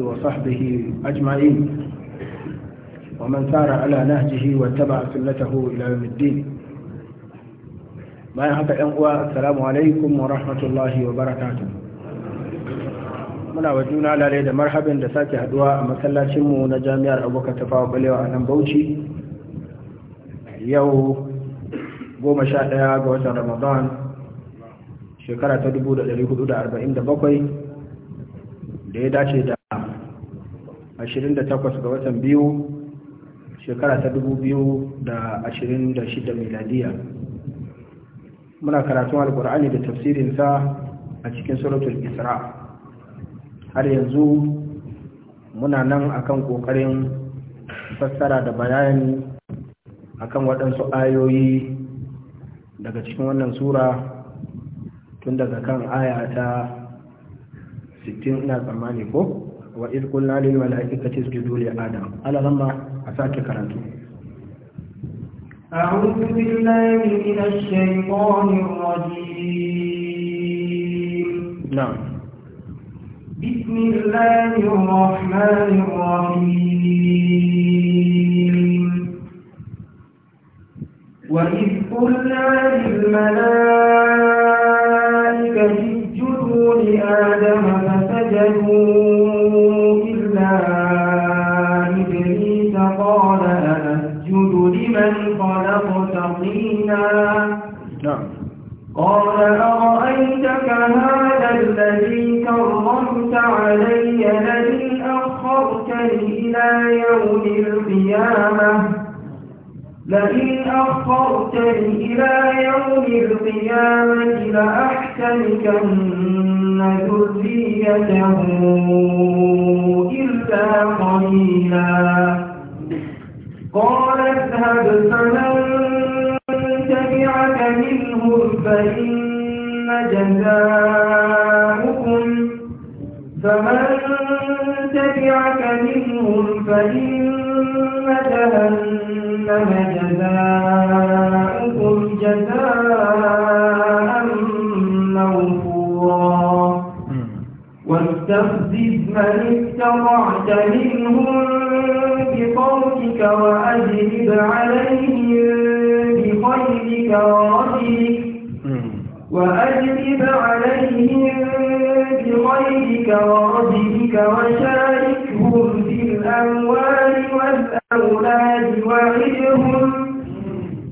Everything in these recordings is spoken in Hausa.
وصحبه أجمعين ومن سار على نهجه واتبع سنته إلى يوم الدين ما يحق أنقوى السلام عليكم ورحمة الله وبركاته muna wa juna lare da marhabin da sake haduwa a matsalacinmu na jami'ar abokan tafawa balewa a nan bauchi yau 11 ga watan ramadan shekara ta 1447 da ya dace da 28 ga watan biyu shekara ta 2026 miladiya muna karatun alkur'ani da tafsirinsa a cikin suratul isra har yanzu muna nan akan kokarin fassara da bayani akan waɗansu ayoyi daga cikin wannan sura tun daga kan aya ta 60 ina tsammani ko وإذ قلنا للملائكة اسجدوا لآدم ألا لما adam ala أعوذ بالله من الشيطان الرجيم نعم بسم الله الرحمن الرحيم وإذ قلنا للملائكة اسجدوا لآدم فسجدوا من خلقت طينا نعم قال أرأيتك هذا الذي كرمت علي الذي أخرتني إلى يوم القيامة لئن أخرتني إلى يوم القيامة لأحسنكن ذريته إلا قليلا قال اذهب فمن تبعك منهم فإن جزاؤكم فمن تبعك منهم فإن جهنم جزاؤكم جزاء واستفزز من استطعت منهم بصوتك وأجلب عليهم بخيرك ورجلك وأجلب عليهم بخيرك ورجلك وشاركهم في الأموال والأولاد وعدهم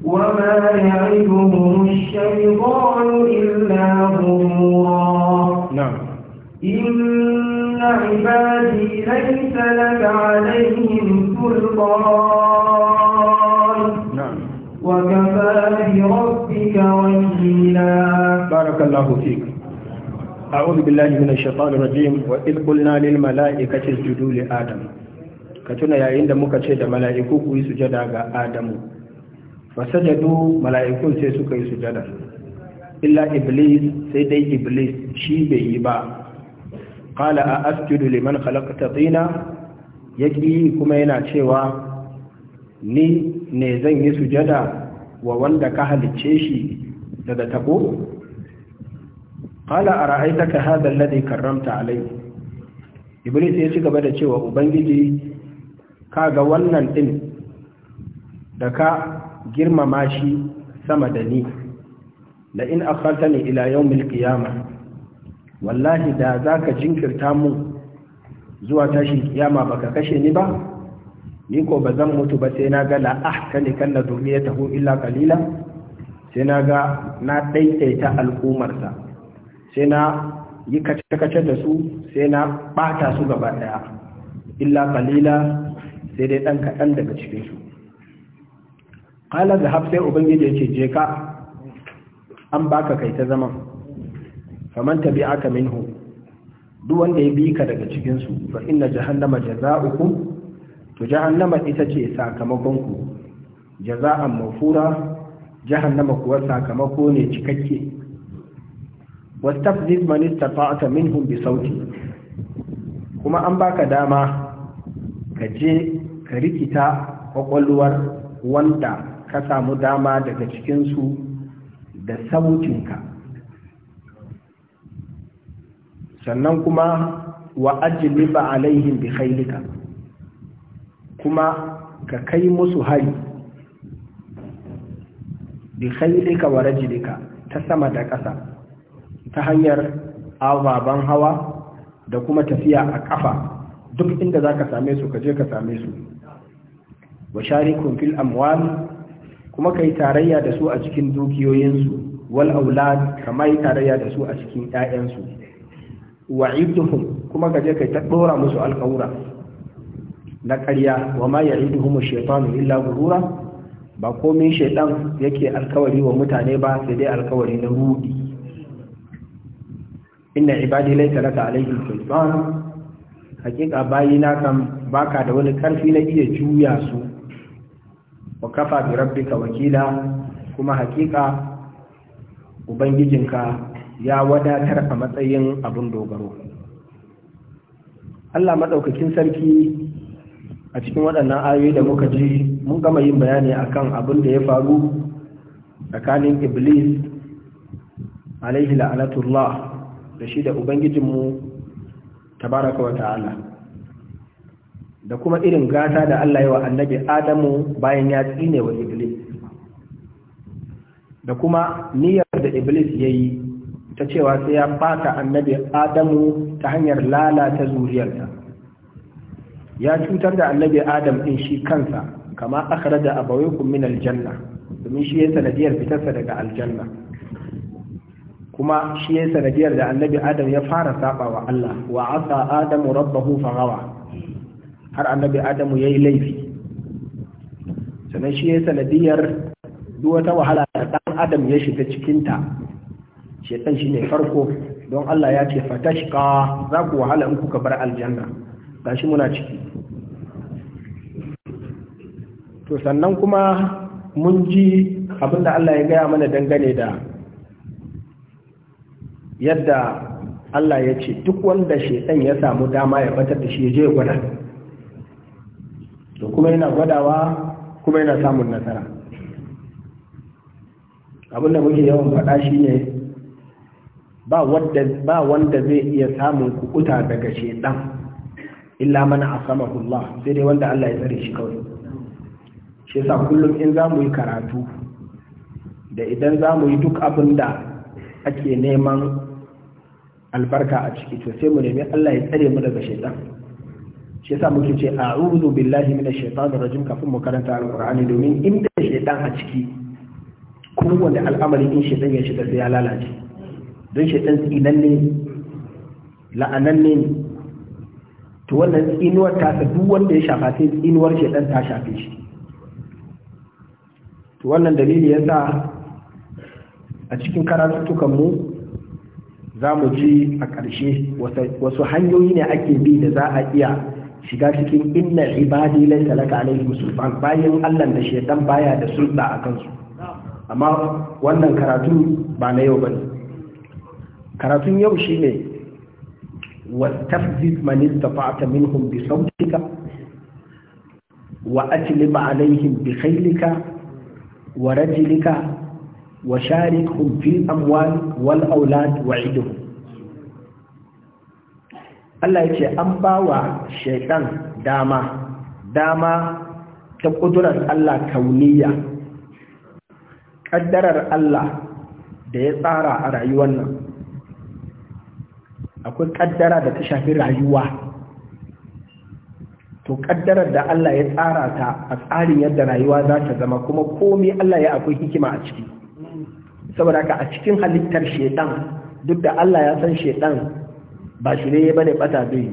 وما يعدهم الشيطان إلا غرورا نعم إن عبادي ليس لك عليهم سلطان وكفى بربك وكيلا بارك الله فيك أعوذ بالله من الشيطان الرجيم وإذ قلنا للملائكة اسجدوا لآدم كتنا يا عند مكتشد ملائكوك يسجد على آدم فسجدوا ملائكون سيسوك suka إلا إبليس سيدي إبليس شيبه يبا qala a asjudu liman khalaqta tina yaki kuma yana cewa ni ne zan yi sujada wa wanda ka halicce shi daga tabo qala ara'aitaka hadha alladhi karramta alayhi iblis ya ci gaba da cewa ubangiji ka ga wannan din da ka girmama shi sama da ni la in akhartani ila yawmil qiyamah wallahi da za ka jinkirta mu zuwa tashin kiyama ka kashe ni ba ni ko ba zan mutu ba sai na ga la ahkani kan taho illa kalila sai na ga na daidaita al'umarsa sai na yi kace-kace da su sai na bata su gaba daya illa kalila sai dai dan kaɗan daga cikin su da hafsai ubangiji yace je ka an baka kai ta zaman faman tabi'aka minhu duk wanda ya bi ka daga cikinsu su fa inna jahannama jaza'ukum to jahannama ita ce sakamakon ku jaza'an mafura jahannama kuwa sakamako ne cikakke wastafzid man istata'ta minhum bi sauti kuma an baka dama ka je ka rikita kwakwalwar wanda ka samu dama daga cikinsu da sautinka sannan kuma wa ba alaihim bi khailika kuma ka kai musu hari bi khailika wa rajlika ta sama da ƙasa ta hanyar ababen hawa da kuma tafiya a ƙafa duk inda za ka same su ka je ka same su wa sharikun fil amwal kuma ka yi tarayya da su a cikin dukiyoyinsu wal aulad kama yi tarayya da su a cikin 'ya'yansu wa'iduhum kuma gaje kai ta dora musu alƙawura na ƙarya wa ma ya'iduhum shaytanu illa ghurura ba komai shaytan yake alƙawari wa mutane ba sai dai alƙawari na rudi inna ibadi laysa laka alayhi sultan hakika bayina kam baka da wani karfi na iya juya su wa kafa bi rabbika wakila kuma hakika ubangijinka ya wadatar a matsayin abin dogaro Allah maɗaukakin sarki a cikin waɗannan ayoyi da muka ji mun gama yin bayani akan abin da ya faru tsakanin iblis alaihi la'anatullah da shi da ubangijinmu tabaraka wa ta'ala da kuma irin gata da Allah ya wa annabi Adamu bayan ya tsine wa iblis da kuma niyyar da iblis yayi ta cewa sai ya fata annabi adamu ta hanyar lalata zuriyarsa ya cutar da annabi adam din shi kansa kama akhara da abawaikum min aljanna domin shi ya sanadiyar fitarsa daga aljanna kuma shi ya sanadiyar da annabi adam ya fara saba wa Allah wa asa adamu rabbahu faghawa har annabi adamu yayi laifi sannan shi ya sanadiyar duwata wata wahala da ɗan adam ya shiga cikinta shi shine farko don Allah ya ce fatashqa za ku wahala in kuka bar aljanna gashi muna ciki to sannan kuma mun ji abinda Allah ya gaya mana dangane da yadda Allah ya ce duk wanda shaitan ya samu dama ya batar da shi ya je gwada to kuma yana gwadawa kuma yana samun nasara abinda muke yawan faɗa shi ne ba wanda zai iya samun kukuta daga shedan illa mana asamahullah sai dai wanda Allah ya tsare shi kawai shi yasa kullum in za yi karatu da idan za yi duk abin da ake neman albarka a ciki to sai mu nemi Allah ya tsare mu daga shedan shi yasa muke ce a'udhu billahi minash shaitanir rajim kafin mu karanta alqur'ani domin inda shedan a ciki kowanne al'amari in shedan ya shiga sai ya lalace don shaitan ne la'ananne ne to wannan tsinuwar tasa duk wanda ya shafa sai tsinuwar shaitan ta shafe shi to wannan dalili ya sa a cikin karatuttukanmu za mu ji a ƙarshe wasu hanyoyi ne ake bi da za a iya shiga cikin inna ibadi laysa laka alaihim musulman bayan Allah da shaitan baya da sulɗa a kansu amma wannan karatu ba na yau ba ne. karatun yau shi ne wastafzid man istata'ta minhum bi sautika wa atlib alaihim bi wa rajlika wa sharikhum fi amwal wal aulad wa idhum Allah yake an bawa shaytan dama dama ta ƙudurar Allah kauniya Ƙaddarar Allah da ya tsara a rayuwar nan akwai kaddara da ta shafi rayuwa to kaddarar da Allah ya tsara ta a tsarin yadda rayuwa za ta zama kuma komai Allah ya akwai hikima a ciki saboda ka a cikin halittar shedan duk da Allah ya san shedan ba shi ne bane bata zai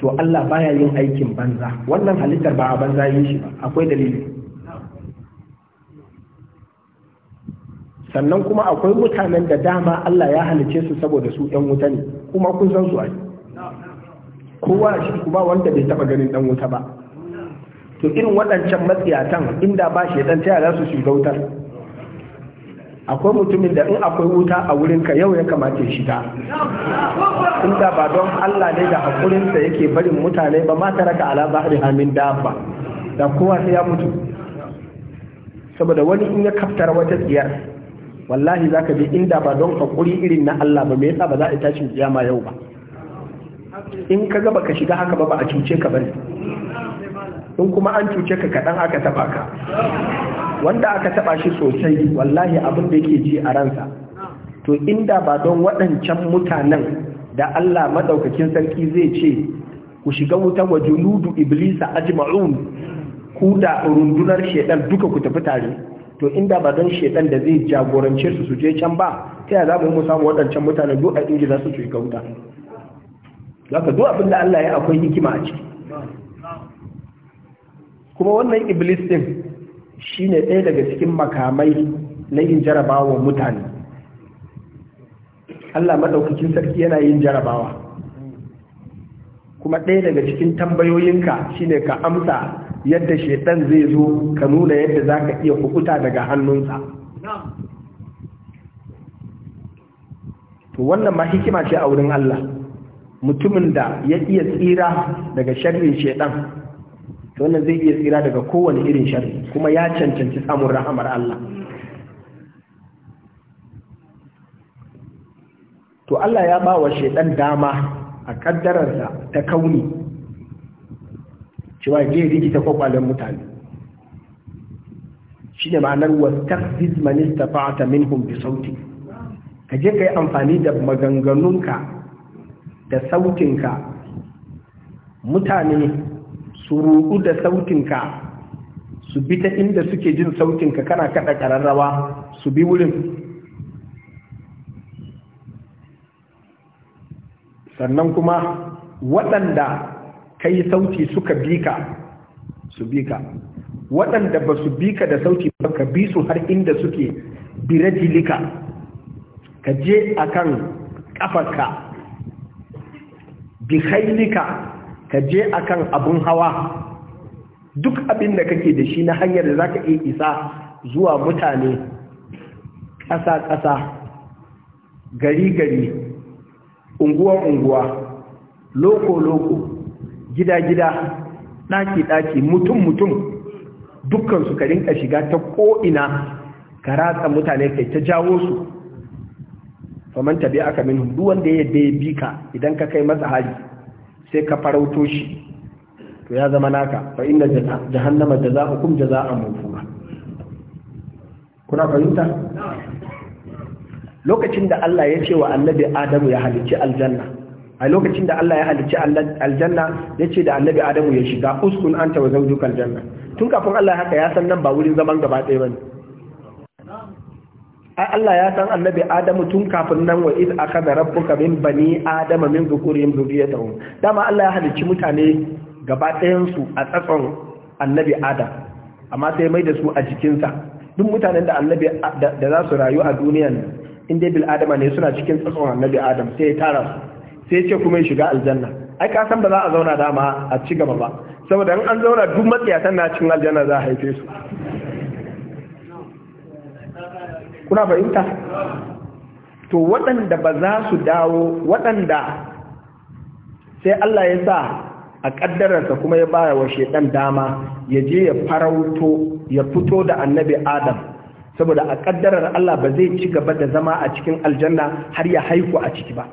to Allah baya yin aikin banza wannan halittar ba a banza yin shi ba akwai dalili sannan kuma akwai mutanen da dama Allah ya halice su saboda su 'yan wuta ne kuma kun san su ai kowa shi ba wanda bai taba ganin dan wuta ba to irin waɗancan matsiyatan inda ba shi dan taya za su shiga wutar akwai mutumin da in akwai wuta a wurin ka yau ya kamata ya shiga inda ba don Allah ne da hakurinsa yake barin mutane ba ma taraka ala bahri hamin dabba da kowa sai ya mutu saboda wani in ya kaftar wata tsiyar wallahi zaka bi inda ba don hakuri irin na Allah ba me yasa ba za a tashi kiyama yau ba in ka ga baka shiga haka ba ba a cuce ka bane in kuma an cuce ka kaɗan aka taɓa ka wanda aka taɓa shi sosai wallahi abin da yake ji a ransa to inda ba don waɗancan mutanen da Allah maɗaukakin sarki zai ce ku shiga wuta wa junudu iblisa ajma'un ku da rundunar shedan duka ku tafi tare to inda ba don shedan da zai jagorance su su je can ba ta yaya za mu mu samu waɗancan mutane duk a inji za su su ga wuta zaka duk abin da Allah ya akwai hikima a ciki kuma wannan iblis din ne ɗaya daga cikin makamai na yin jarabawa mutane Allah maɗaukacin sarki yana yin jarabawa kuma ɗaya daga cikin tambayoyinka shi ne ka amsa yadda shaitan zai zo ka nuna yadda za ka iya kukuta daga hannunsa to wannan ma hikima ce a wurin Allah mutumin da ya iya tsira daga sharrin shaitan to wannan zai iya tsira daga kowane irin sharri kuma ya cancanci samun rahamar Allah to Allah ya ba wa shaitan dama a kaddararsa ta kauni cewa je ya rikita kwakwalen mutane shi ne ma'anar wastafis manista fa'ata min bi sauti ka je ka yi amfani da maganganunka da sautinka mutane su rudu da sautinka su bi ta inda suke jin sautinka kana kaɗa kararrawa su bi wurin sannan kuma waɗanda kai sauti suka bi ka su bi ka waɗanda ba su bi ka da sauti ba ka bi su har inda suke birajilika ka je akan kafarka bi ka je akan abun hawa duk abin da kake da shi na hanyar da za ka iya isa zuwa mutane ƙasa-ƙasa gari-gari unguwa-unguwa loko-loko gida-gida ɗaki-ɗaki mutum-mutum dukkan su ka shiga ta ko'ina ka ratsa mutane kai ta jawo su faman tabi aka min duk wanda ya yadda ya bi ka idan ka kai masa hali sai ka farauto shi to ya zama naka fa inna jahannama za jaza'an mawfura kuna fahimta lokacin da Allah ya ce wa annabi Adamu ya halicci aljanna a lokacin da Allah ya halicci aljanna ya ce da annabi Adamu ya shiga uskun an ta wa dukan janna. tun kafin Allah haka ya san nan ba wurin zaman gaba ɗaya ne. ai Allah ya san annabi Adamu tun kafin nan wa iz da rabbuka min bani adama min zukurin dhurriyyatahum dama Allah ya halicci mutane gaba ɗayan su a tsatson annabi Adam amma sai mai da su a jikinsa duk mutanen da annabi da za su rayu a duniyan in dai bil adama ne suna cikin tsatson annabi Adam sai ya tara su sai ce kuma ya shiga aljanna ai ka san ba za a zauna dama a ci gaba ba saboda in an zauna duk matsiyatan na cin aljanna za a haife su kuna fahimta to waɗanda ba za su dawo waɗanda sai Allah ya sa a ƙaddararsa kuma ya baya wa shaidan dama ya je ya farauto ya fito da annabi adam saboda a ƙaddarar Allah ba zai ci gaba da zama a cikin aljanna har ya haiku a ciki ba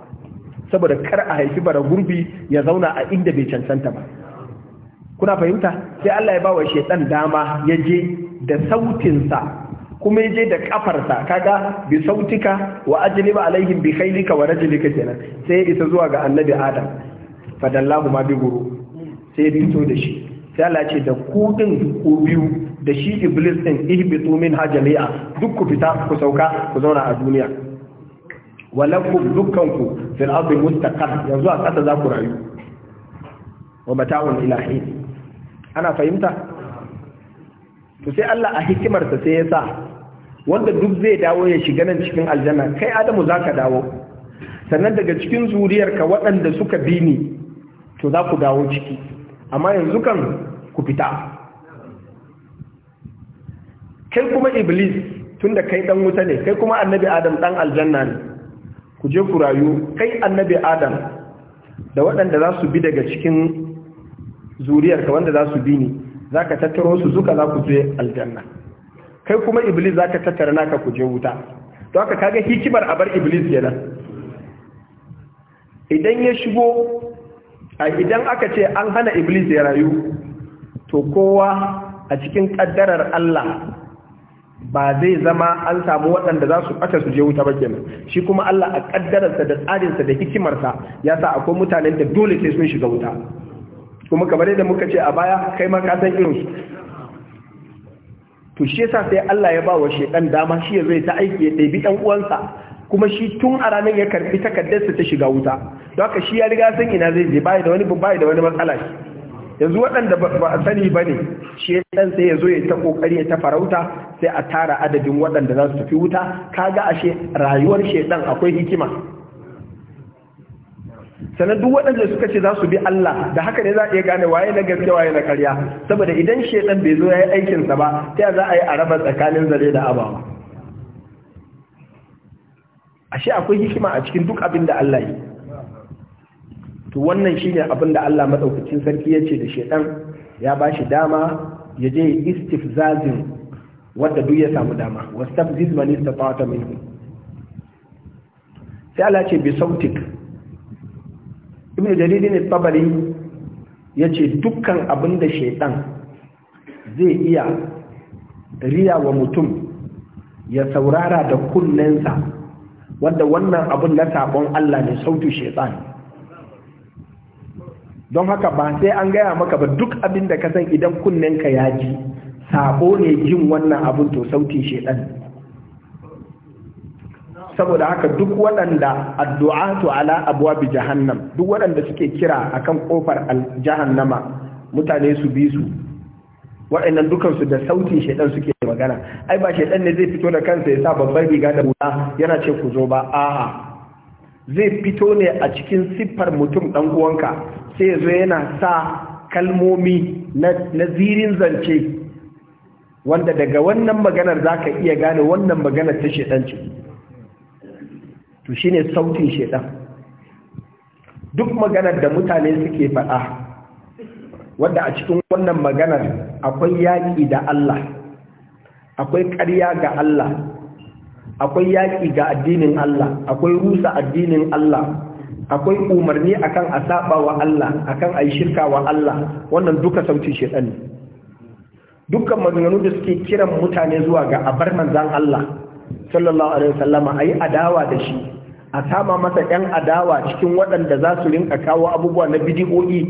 saboda kar a haifi bara gurbi ya zauna a inda bai cancanta ba kuna fahimta sai Allah ya ba wa shaitan dama ya je da sautinsa kuma ya je da kafarsa kaga bi sautika wa ba alaihim bi khailika wa rajlika kenan sai ya isa zuwa ga annabi adam fadallahu ma bi guru sai ya fito da shi sai Allah ce da ku din ku biyu da shi iblis din ihbitu min hajami'a duk ku fita ku sauka ku zauna a duniya walakum dukkanku fil ardi mustaqar yanzu a ƙasa za ku rayu wa mata'un ila hin ana fahimta to sai Allah a hikimarsa sai ya sa wanda duk zai dawo ya shiga nan cikin aljanna kai Adamu zaka dawo sannan daga cikin ka waɗanda suka bi ni to za ku dawo ciki amma yanzu kan ku fita kai kuma iblis tunda kai dan wuta ne kai kuma annabi adam dan aljanna ne ku je ku rayu kai annabi adam da waɗanda za su bi daga cikin zuriyarka wanda za su bi ni za ka tattaro su zuka za ku je aljanna kai kuma iblis za ka tattara naka ku je wuta to haka kaga hikimar a bar iblis nan idan ya shigo a idan aka ce an hana iblis ya rayu to kowa a cikin kaddarar Allah ba zai zama an samu waɗanda za su ɓata su je wuta ba nan. shi kuma Allah a ƙaddararsa da tsarinsa da hikimarsa ya sa akwai mutanen da dole sai sun shiga wuta kuma kamar yadda muka ce a baya kai ma ka san irinsu to shi yasa sai Allah ya ba wa shedan dama shi ya zai ta aiki ya ɗabi ɗan uwansa kuma shi tun a ranar ya karɓi takardarsa ta shiga wuta don haka shi ya riga san ina zai je bai da wani bai da wani matsala shi yanzu waɗanda ba a sani ba ne shi ɗan sai ya zo ya ta ƙoƙari ya ta farauta sai a tara adadin waɗanda za su tafi wuta kaga ashe rayuwar ɗan akwai hikima sannan duk waɗanda suka ce za su bi Allah da haka ne za a iya gane waye na gaske waye na karya saboda idan shaidan bai zo ya yi aikinsa ba ta za a yi a raba tsakanin zare da abawa ashe akwai hikima a cikin duk abin da Allah yi to wannan shine abin da Allah madaukakin sarki ya ce da shedan ya ba shi dama ya je istifzazin wadda duk ya samu dama wastafziz man istata minhu sai Allah ce bi sautik ibnu jarir ne tabari yace dukkan abin da shedan zai iya riya wa mutum ya saurara da kunnensa wanda wannan abin na sabon Allah ne sautu shedan don haka ba sai an gaya maka ba duk abin da ka san idan kunnenka ya ji sabo ne jin wannan abin to sautin shedan saboda haka duk waɗanda to ala abwabi jahannam duk waɗanda suke kira akan kofar jahannama mutane su bi su waɗannan dukansu da sautin shaidan suke magana ai ba shaidan ne zai fito da kansa ya sa babban riga da hula yana ce ku zo ba a'a zai fito ne a cikin siffar mutum ɗan uwanka sai ya zo yana sa kalmomi na zirin zance wanda daga wannan maganar za ka iya gane wannan maganar ta shedan ce to ne sautin shaidan duk maganar da mutane suke faɗa wadda a cikin wannan maganar akwai yaƙi da Allah akwai ƙarya ga Allah akwai yaƙi ga addinin Allah akwai rusa addinin Allah akwai umarni akan a saba wa Allah akan a yi shirka wa Allah wannan duka sautin shaitan ne dukkan maganganu da suke kiran mutane zuwa ga abar manzan Allah sallallahu alaihi wasallama a yi adawa da shi a sama masa yan adawa cikin waɗanda za su rinka kawo abubuwa na bidiyoyi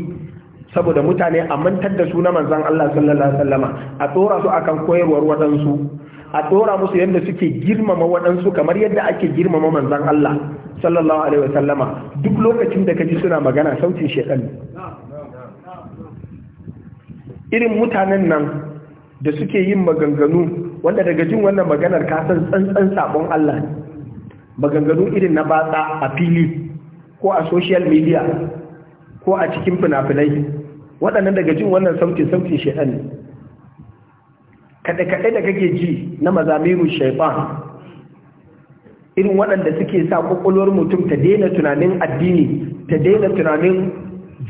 saboda mutane a mantar da su na manzan Allah sallallahu alaihi wasallama a tsora su akan koyarwar waɗansu a dora musu yadda suke girmama waɗansu kamar yadda ake girmama manzan Allah sallallahu alaihi wa sallama duk lokacin da kaji suna magana sautin shekan irin mutanen nan da suke yin maganganu wanda daga jin wannan maganar ka san tsantsan sabon Allah maganganu irin na batsa a fili ko a social media ko a cikin fina-finai waɗannan daga jin wannan sautin sautin shekan ne kaɗe-kaɗe da kake ji na mazamiru shaifa irin waɗanda suke sa ƙwaƙwalwar mutum ta daina tunanin addini ta daina tunanin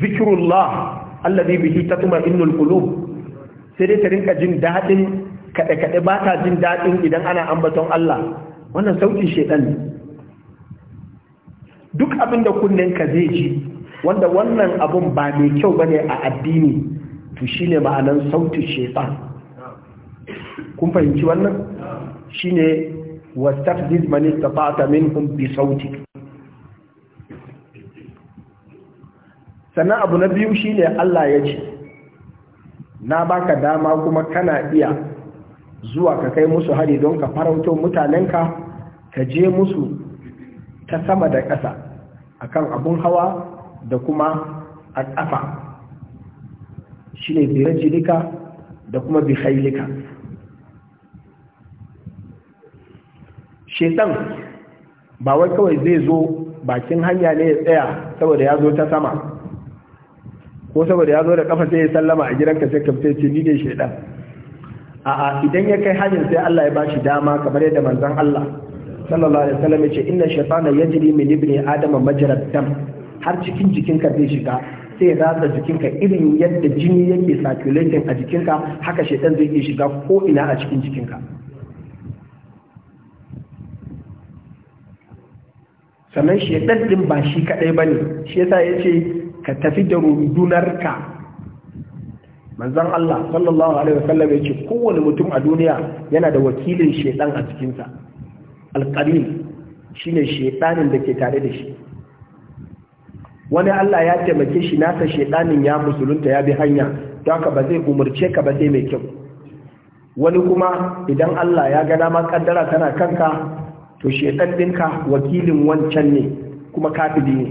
zikirullah Allah zai bihi ta tuma innul kulu sai dai ta rinka jin daɗin kaɗe-kaɗe ba ta jin daɗin idan ana ambaton Allah wannan sauƙin shaiɗan ne duk abin da ka zai ji wanda wannan abun ba mai kyau ba ne a addini to ne ma'anan sautin shaiɗan kun fahimci wannan Shi ne, shine ta fata min hun bi sauti sannan abu na biyu shi ne Allah ya ce na baka dama kuma kana iya zuwa ka kai musu hari don ka farauto mutanenka ka je musu ta sama da ƙasa akan abun hawa da kuma a ƙafa shine ne birajilika da kuma bihailika shetan ba wai kawai zai zo bakin hanya ne ya tsaya saboda ya zo ta sama ko saboda ya zo da kafa sai ya sallama a gidanka sai kafta ce ni ne shedan a'a idan ya kai hajin sai Allah ya bashi dama kamar yadda manzon Allah sallallahu alaihi wasallam yace inna shaytana yajri min ibni adama majra dam har cikin jikinka zai shiga sai ya ratsa jikinka irin yadda jini yake circulating a jikinka haka shaytan zai iya shiga ko ina a cikin jikinka sannan shaidan din ba shi kadai ne, shi yasa ce ka tafi da rundunarka manzon Allah sallallahu alaihi wasallam ce, kowane mutum a duniya yana da wakilin shaidan a cikinsa. sa shi ne shaidanin da ke tare da shi wani Allah ya taimake shi nasa shaidanin ya musulunta ya bi hanya don ka ba zai umarce ka ba zai mai kyau wani kuma idan Allah ya gada makaddara kaddara tana kanka to shedan ɗinka wakilin wancan ne kuma kafili ne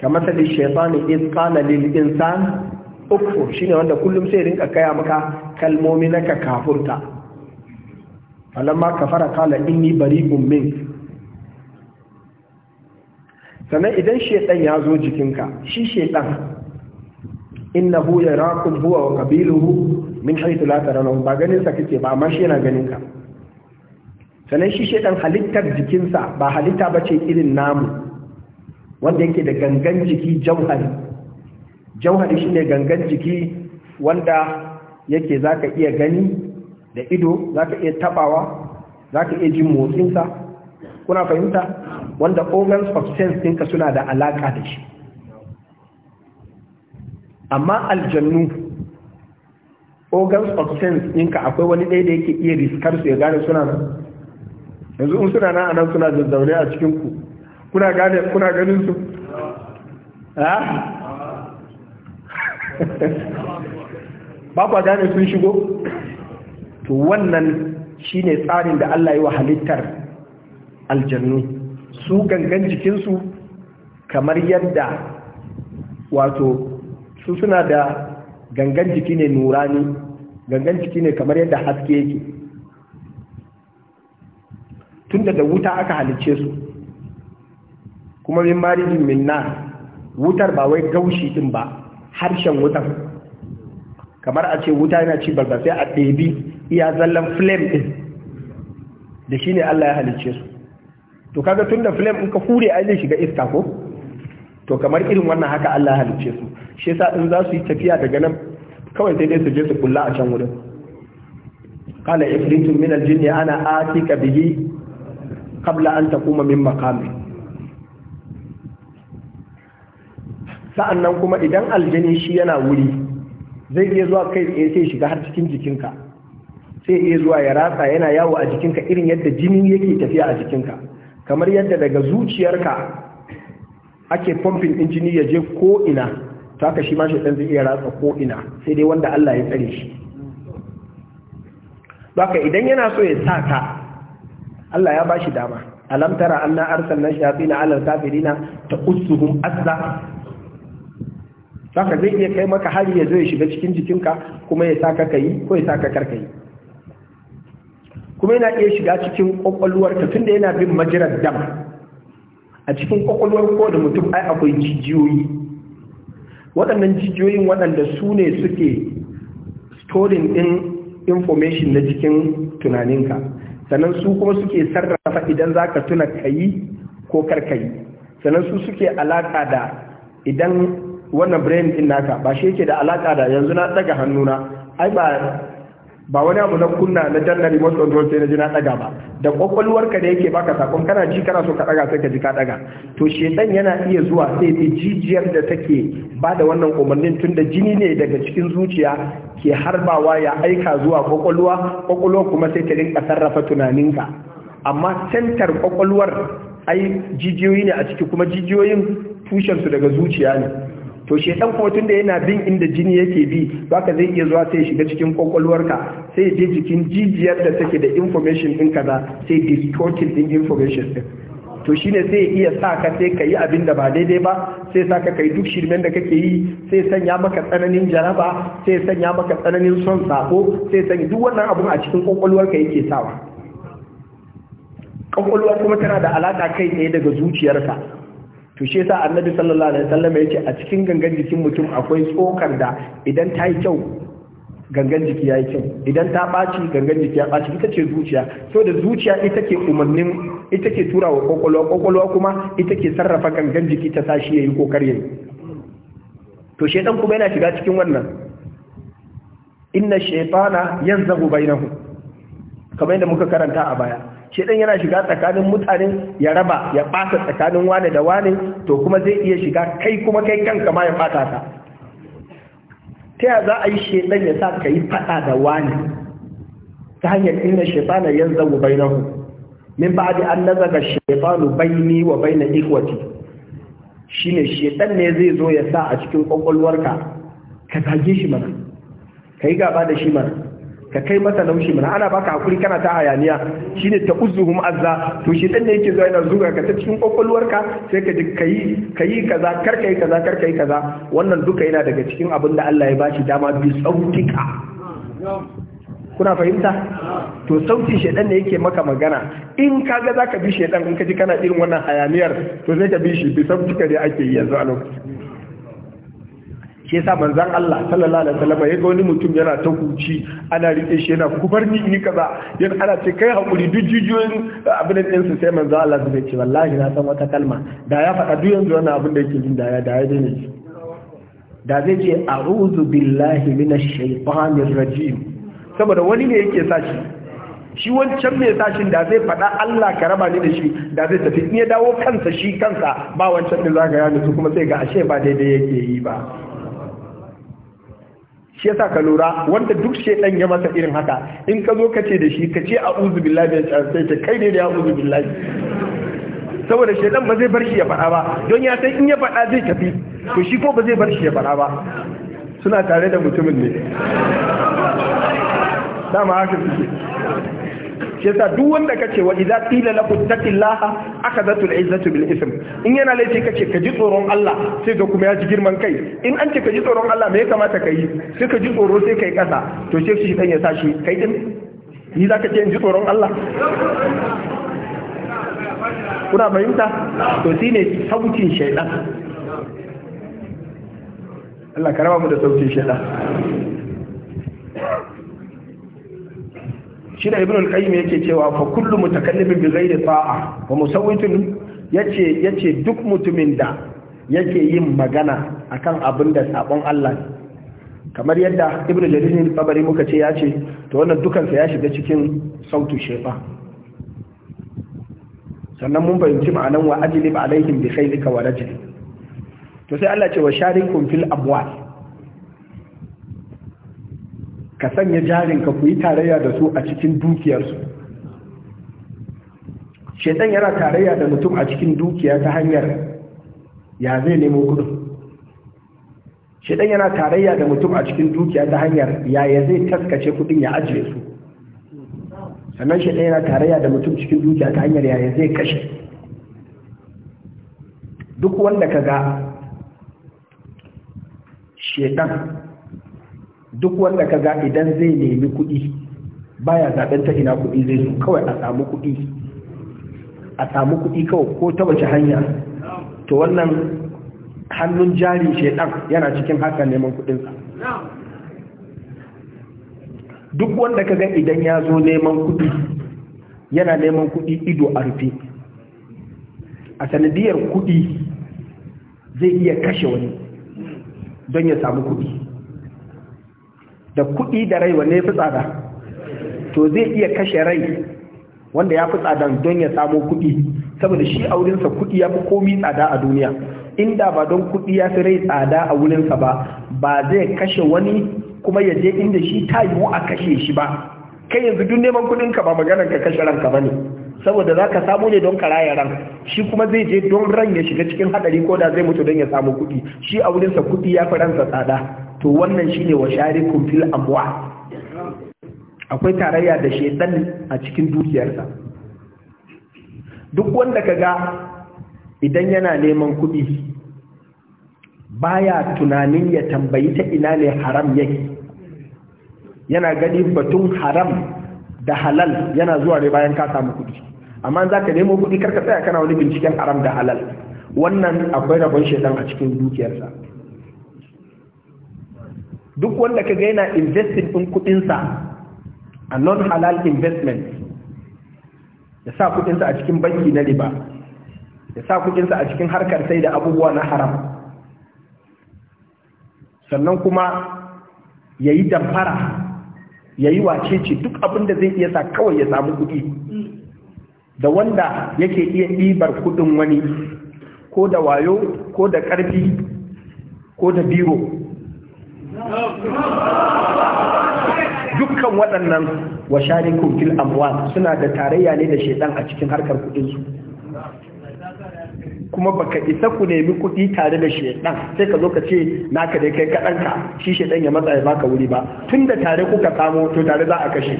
kamar ne shaitani tsana lilin san Uku shi ne wanda kullum sai rinka kaya maka kalmomi na ka kafurta kala kafara qala inni bari gummin sannan idan shaitan ya zo jikinka shi inna innahu rakun huwa wa qabiluhu min haitu latarar ba ganin kake ba amma shi yana ganin ka sannan shi shaidan halittar jikinsa ba halitta ba ce irin namu wanda yake da gangan jiki jauhari jauhari shine gangan jiki wanda yake zaka iya gani da ido zaka iya tabawa zaka iya jin motsinsa kuna fahimta wanda organs of sense ɗinka suna da alaka da shi amma aljannu organs of sense ɗinka akwai wani ɗaya da yake iya riskar su ya gane suna nan yanzu in suna nan anan suna zazzaune a cikin ku kuna gane kuna ganin su ha ba gane sun shigo to wannan shine tsarin da Allah ya wa halittar aljannu su gangan jikinsu kamar yadda wato su suna da gangan jiki ne nurani gangan jiki ne kamar yadda haske yake tunda da wuta aka halicce su kuma min marijin min na wutar ba wai gaushi din ba harshen wutar kamar a ce wuta yana ci barba sai a ɗebi iya zallan flam ɗin, da shi ne Allah ya halicce su to kaga tun da flam in ka hure a zai shiga iska ko to kamar irin wannan haka Allah ya halicce su shi yasa in za su yi tafiya daga nan kawai sai dai su je su kulla a can wurin qala ifritun min aljinni ana atika bihi qabla an taquma min sa'an sa'annan kuma idan aljani shi yana wuri zai iya zuwa kai tsaye sai shiga har cikin jikinka sai iya zuwa ya rasa yana yawo a jikinka irin yadda jini yake tafiya a jikinka kamar yadda daga zuciyarka ake pompin din jini ya je ko ina to shi ma shaitan zai iya ratsa ko ina sai dai wanda Allah ya tsare shi baka idan yana so ya sa ka Allah ya ba shi dama alam tara anna arsalna na ala kafirina ta'ussuhum azza saka zai iya kai maka hari ya zo ya shiga cikin jikinka kuma ya saka kai ko ya saka karkai kuma yana iya shiga cikin kwakwalwarka tunda yana bin majirar dam a cikin kwakwalwar ko da mutum ai akwai jijiyoyi waɗannan jijiyoyin waɗanda su ne suke storing din information na jikin tunaninka sannan su kuma suke sarrafa idan za ka tuna kayi ko kar kayi sannan su suke alaƙa da idan wannan brain din naka ba shi yake da alaka da yanzu na daga hannuna ai ba ba wani abu na kunna na janna masu control sai na ji na daga ba da ka da yake baka sakon kana ji kana so ka daga sai ka ji ka daga to shedan yana iya zuwa sai ta jijiyar da take ba da wannan umarnin tun da jini ne daga cikin zuciya ke harbawa ya aika zuwa kwakwalwa kwakwalwa kuma sai ta rinka sarrafa tunaninka amma sentar kwakwalwar ai jijiyoyi ne a ciki kuma jijiyoyin tushensu daga zuciya ne to shedan kuma tun da yana bin inda jini yake bi ba ka zai iya zuwa sai shiga cikin kwakwalwarka sai je jikin jijiyar da take da information din za sai distorted din information din to shine sai iya sa ka sai ka yi abin da ba daidai ba sai sa ka kai duk shirmen da kake yi sai sanya maka tsananin jaraba sai sanya maka tsananin son sako sai sanya duk wannan abun a cikin kwakwalwarka yake sawa kwakwalwa kuma tana da alaka kai tsaye daga zuciyarka to shi yasa annabi sallallahu alaihi wasallam yace a cikin gangan jikin mutum akwai tsokar da idan ta yi kyau gangan jiki ya yi kyau idan ta ɓaci gangan jiki ya ɓaci ita ce zuciya so da zuciya ita ke umarnin ita ke tura wa kwakwalwa kokolo kuma ita ke sarrafa gangan jiki ta sashi ya yi kokar yayi to dan kuma yana shiga cikin wannan inna shaytana yanzahu bainahu kamar yadda muka karanta a baya shedan yana shiga tsakanin mutanen ya raba ya bata tsakanin wane da wane to kuma zai iya shiga kai kuma kai kanka ma ya bata ta. ta ya za a yi shedan ya sa ka yi fada da wane ta hanyar inna shaytana yanzabu bainahu min ba'di an nazaga shaytanu baini wa baina Shi shine shedan ne zai zo ya sa a cikin kwakwalwarka ka tage shi mana kai gaba da shi mana ka kai masa laushi mana ana baka hakuri kana ta hayaniya shine ta uzuhum azza to shi dan ne yake zuwa yana zuga ka ta cikin kokolwarka sai ka ji kai kai kaza kar kai kaza kar kai kaza wannan duka yana daga cikin abin da Allah ya bashi dama bi sautika kuna fahimta to sautin shedan ne yake maka magana in kaga zaka bi shedan in ka ji kana irin wannan hayaniyar to sai ka bi shi bi sautika da ake yi yanzu a lokacin ke sa manzan Allah sallallahu alaihi wasallam ga wani mutum yana ta huci ana rike shi yana kubar ni ni kaza yan ana ce kai hakuri duk jijiyoyin abin din su sai manzan Allah zai ce wallahi na san wata kalma da ya faɗa duk yanzu wannan abin da yake jin da ya da ya shi da zai ce a'udhu billahi minash shaitanir rajim saboda wani ne yake sa shi shi wancan mai sashin da zai faɗa Allah ka raba ni da shi da zai tafi in ya dawo kansa shi kansa ba wancan din zaka ya su kuma sai ga ashe ba daidai yake yi ba shi yasa ka lura wanda duk shedan ya masa irin haka in ka zo ka ce da shi ka ce a'udhu billahi min sai ta kai ne da a'udhu billahi saboda shedan ba zai bar shi ya faɗa ba don ya san in ya faɗa zai tafi to shi ko ba zai bar shi ya faɗa ba suna tare da mutumin ne dama haka suke shi yasa duk wanda kace wa idza qila lahu taqillaha akadatul izzatu bil ism in yana laifi kace ka ji tsoron Allah sai ga kuma ya ji girman kai in an ce ka ji tsoron Allah me ya kamata ka yi sai ka ji tsoro sai kai kasa to sai shi dan ya sashi kai din ni zaka ce in ji tsoron Allah kuna fahimta to shine sautin shaydan Allah karama mu da sautin shaydan shi da ibn al-qayyim yake cewa fa kullu mutakallimin bi ghairi ta'a wa musawwitun yace yace duk mutumin da yake yin magana akan abin da sabon Allah kamar yadda ibn jarir ibn tabari muka ce ya ce to wannan dukan sa ya shiga cikin sautu shefa sannan mun fahimci ma'anan wa ajlib alaihim bi khayrika wa rajlik to sai Allah ce wa sharikum fil abwal ka sanya jarinka ku yi tarayya da su a cikin dukiyarsu shaitan yana tarayya da mutum a cikin dukiya ta hanyar ya zai nemo kudin shaitan yana tarayya da mutum a cikin dukiya ta hanyar ya zai taskace kudin ya ajiye su sannan shaitan yana tarayya da mutum cikin dukiya ta hanyar ya zai kashe duk wanda ka ga shaitan duk wanda ka ga idan zai nemi kuɗi baya zaɓen ta ina kuɗi zai zo kawai a samu kuɗi a samu kuɗi kawai ko ta wace hanya to wannan hannun jari shaiɗan yana cikin haka neman kuɗinsa duk wanda ka ga idan ya zo neman kuɗi yana neman kuɗi ido a rufe a sanadiyar kuɗi zai iya kashe wani don ya samu kuɗi da kuɗi da rai wanne ya fi tsada to zai iya kashe rai wanda ya fi tsada don ya samu kuɗi saboda shi a wurinsa kuɗi ya fi komi tsada a duniya inda ba don kuɗi ya fi rai tsada a wurinsa ba ba zai kashe wani kuma ya je inda shi ta yiwu a kashe shi ba kai yanzu duk neman kuɗin ka ba maganar ka kashe ranka ba ne saboda za ka samu ne don karaya ran shi kuma zai je don ran ya shiga cikin haɗari ko da zai mutu don ya samu kuɗi shi a wurinsa kuɗi ya fi ransa tsada to wannan shi ne wa sharikum fil abuwa. akwai tarayya da shaidan a cikin dukiyarsa duk wanda ka ga idan yana neman kuɗi baya tunanin ya tambayi ta ina ne haram yake yana gani batun haram da halal yana zuwa ne bayan ka samu kuɗi amma za ka nemo kuɗi karka tsaya kana wani binciken haram da halal wannan akwai rabon shaidan a cikin dukiyarsa duk wanda ka ga yana investing ɗin kuɗinsa a non halal investment ya sa kuɗinsa a cikin banki na riba ya sa kuɗinsa a cikin harkar sai da abubuwa na haram sannan kuma ya yi damfara ya yi ce duk abin da zai iya sa kawai ya samu kuɗi da wanda yake iya ɗibar kuɗin wani ko da wayo ko da ƙarfi ko da biro dukkan waɗannan wa sharikum kogil amwal suna da tarayya ne da shaidan a cikin harkar kudinsu kuma baka isa ku nemi kuɗi tare da shaidan sai ka zo ka ce naka dai kai kaɗanka shi shaidan ya matsa ya baka wuri ba tun da tare kuka samu to tare za a kashe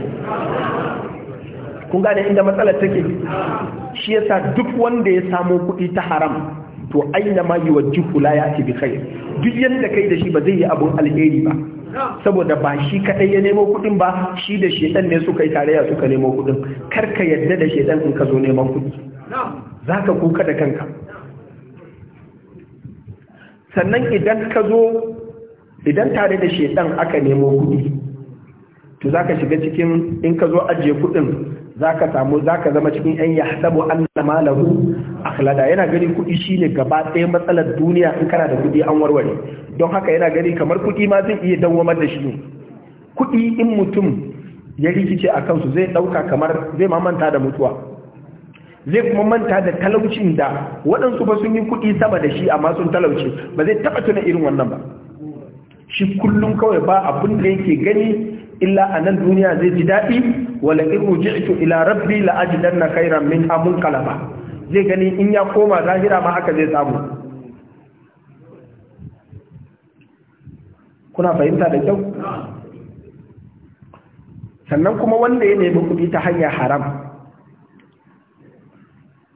kun gane inda matsalar take shi yasa duk wanda ya samo kuɗi ta haram to aina ma yi wajjuhu la ya bi kai. duk yadda kai da shi ba zai yi abun alheri ba saboda ba shi kaɗai ya nemo kuɗin ba shi da shedan ne suka yi tarayya suka nemo kudin kar ka yadda da shedan in ka zo neman kudi ka kuka da kanka sannan idan ka zo idan tare da shedan aka nemo kuɗi, to za ka shiga cikin in ka zo ajiye kuɗin. zaka samu zaka zama cikin yan yahsabu anna malahu akhlada yana gani kudi shine gaba ɗaya matsalar duniya in kana da kudi an warware don haka yana gani kamar kuɗi ma zai iya dawwamar da shi kudi in mutum ya rikice a kansu zai ɗauka kamar zai manta da mutuwa zai kuma manta da talaucin da waɗansu ba sun yi kudi sama da shi amma sun talauce ba zai taɓa tuna irin wannan ba shi kullum kawai ba abin da yake gani illa a nan duniya zai ji daɗi wala in ruji'tu ila rabbi la ajidanna khairan min amun kalaba zai gani in ya koma zahira ma haka zai samu kuna fahimta da kyau sannan kuma wanda ya nemi kuɗi ta hanyar haram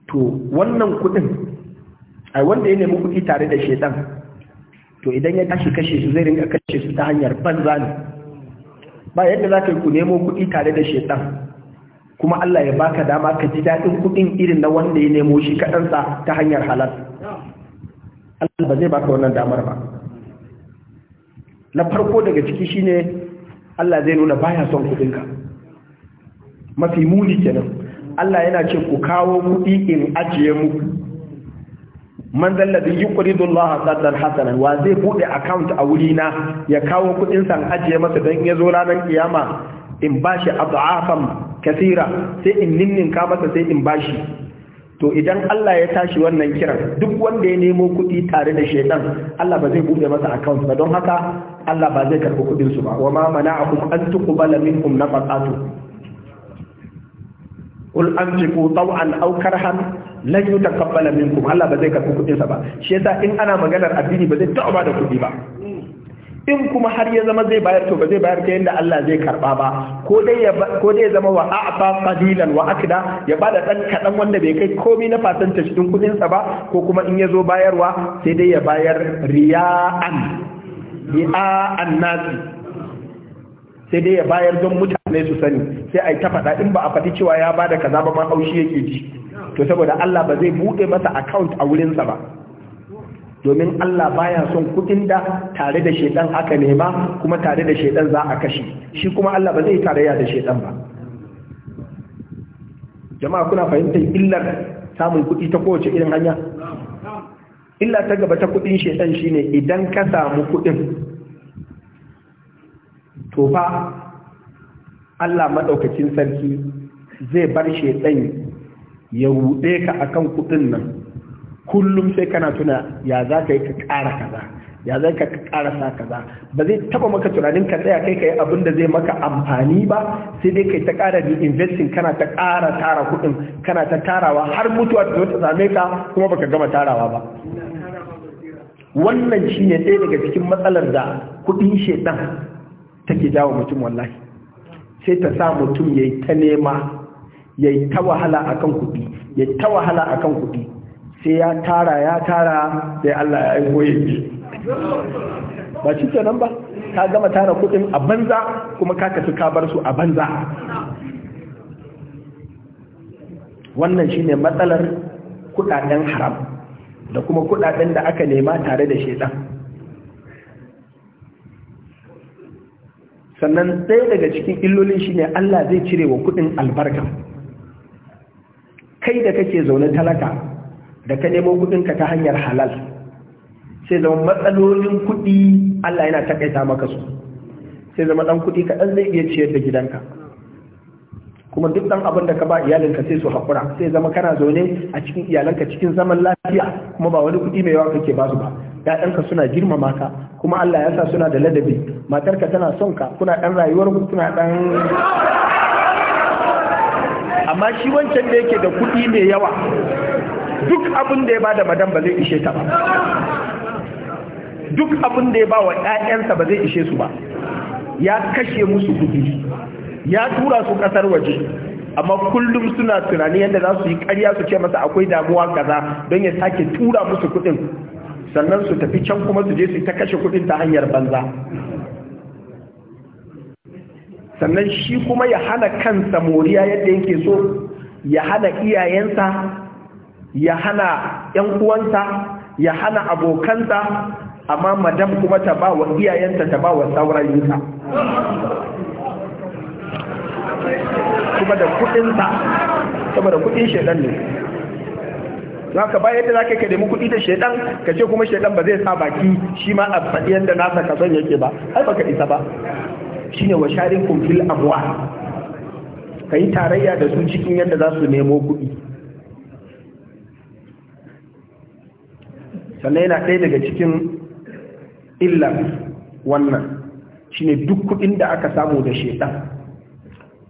to wannan kuɗin ai wanda ya nemi kuɗi tare da shedan to idan ya tashi kashe su zai rinka kashe su ta hanyar banza ne ba yadda za ka yi ku nemo kuɗi tare da shaitan kuma Allah ya baka dama ka ji daɗin kuɗin irin na wanda ya nemo shi kaɗansa ta hanyar halal Allah ba zai baka wannan damar ba na farko daga ciki shi ne Allah zai nuna baya son kuɗinka mafi muni kenan Allah yana ce ku kawo kuɗi in ajiye muku man zalladhi yuqridu Allah qadan hasanan wa zai buɗe akawunt a wuri na ya kawo kuɗin san ajiye masa dan zo ranar kiyama in bashi ad'afan kasira sai in ninninka masa sai in bashi to idan Allah ya tashi wannan kiran duk wanda ya nemo kuɗi tare da shaitan Allah ba zai buɗe masa akawunt ba don haka Allah ba zai karɓi kuɗin su ba wa ma kuma an tuqbala minkum nafaqatu kul anfiqu taw'an aw karhan lan yutaqabbala minkum Allah ba zai karbi kudin sa ba shi yasa in ana maganar addini ba zai taɓa da kudi ba in kuma har ya zama zai bayar to ba zai bayar ta yadda Allah zai karba ba ko dai ya ko dai ya zama wa a'fa qalilan wa akda ya bada dan kadan wanda bai kai komai na fatanta cikin kudin sa ba ko kuma in ya zo bayarwa sai dai ya bayar riya'an riya'an nasi sai dai ya bayar don mutane ne su sani sai a yi ta faɗa in ba a faɗi cewa ya bada kaza ba ma haushi yake ji to saboda Allah ba zai buɗe masa account a wurinsa ba domin Allah baya son kuɗin da tare da shedan aka nema kuma tare da shedan za a kashe shi kuma Allah ba zai tare ya da shedan ba jama'a kuna fahimtar illar samun kuɗi ta kowace irin hanya illa ta gaba ta kuɗin shedan shine idan ka samu kuɗin to fa Allah maɗaukacin sarki zai bar shaiɗan ya ruɗe ka akan kuɗin nan kullum sai kana tuna ya za ka yi ka ƙara kaza ya za ka ƙara sa kaza ba zai taba maka tunanin ka tsaya kai kai abin da zai maka amfani ba sai dai kai ta ƙara di investing kana ta ƙara tara kuɗin kana ta tarawa har mutuwa ta zo ta same ka kuma baka gama tarawa ba wannan shine ɗaya daga cikin matsalar da kuɗin shedan take jawo mutum wallahi sai ta sa mutum ya yi ta nema ya yi ta wahala a kan kuɗi ya yi ta wahala a kan kuɗi sai ya tara ya tara sai Allah ya aiko ya ba shi nan ba ta gama tara kuɗin a banza kuma ka tafi ka bar su a banza wannan shine matsalar kuɗaɗen haram da kuma kuɗaɗen da aka nema tare da shaidan sannan ɗaya daga cikin illolin shine Allah zai cire wa kuɗin albarka kai da kake zaune talaka da ka nemo kuɗinka ta hanyar halal sai zama matsalolin kuɗi Allah yana takaita maka su sai zama ɗan kuɗi kaɗan zai iya ciyar da gidanka kuma duk ɗan abin da ka ba iyalinka sai su haƙura sai zama kana zaune a cikin iyalanka cikin zaman lafiya kuma ba wani kuɗi mai yawa kake ba su ba ‘ya'yanka suna girmama ka kuma Allah ya sa suna da ladabi matarka tana son ka kuna ɗan rayuwar ku kuna ɗan amma shi wancan da yake da kuɗi mai yawa duk abin da ya ba da madan ba zai ishe ta ba duk abin da ya ba wa ‘ya'yansa ba zai ishe su ba ya kashe musu kuɗi ya tura su ƙasar waje amma kullum suna tunani yadda za su yi ƙarya su ce masa akwai damuwa kaza don ya sake tura musu kuɗin sannan su tafi can kuma su je su ta kashe kudin ta hanyar banza sannan shi kuma ya hana kansa moriya yadda yake so ya hana iyayensa ya hana 'yan uwansa ya hana abokansa amma madam kuma ta ba wa iyayenta ta ba wa saurayinsa kuma da kudinsa saboda kudin shaidan ne za ka bayar da za ka nemi kuɗi da shaidan ka ce kuma shaidan ba zai sa baki shi ma a faɗi yadda nasa ka son yake ba ai baka isa ba shine wa sharin kumfil abuwa ka yi tarayya da su cikin yadda za su nemo kuɗi sannan yana ɗaya daga cikin illa wannan shine duk kuɗin da aka samu da shaidan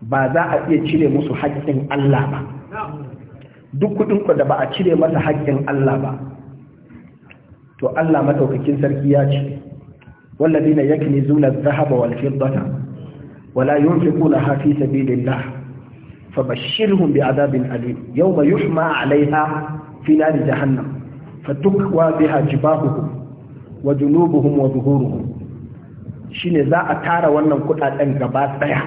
ba za a iya cire musu haƙƙin Allah ba duk kuɗin ku da ba a cire masa haƙƙin Allah ba to Allah madaukakin sarki ya ce walladina yaknizuna adh-dhahaba wal-fiddata wala yunfiquna fi sabilillah fabashshirhum bi'adabin alim yawma yuhma 'alayha fi nar jahannam fatukwa biha jibahuhum wa junubuhum wa zuhuruhum shine za a tara wannan kuɗaɗen gaba ɗaya?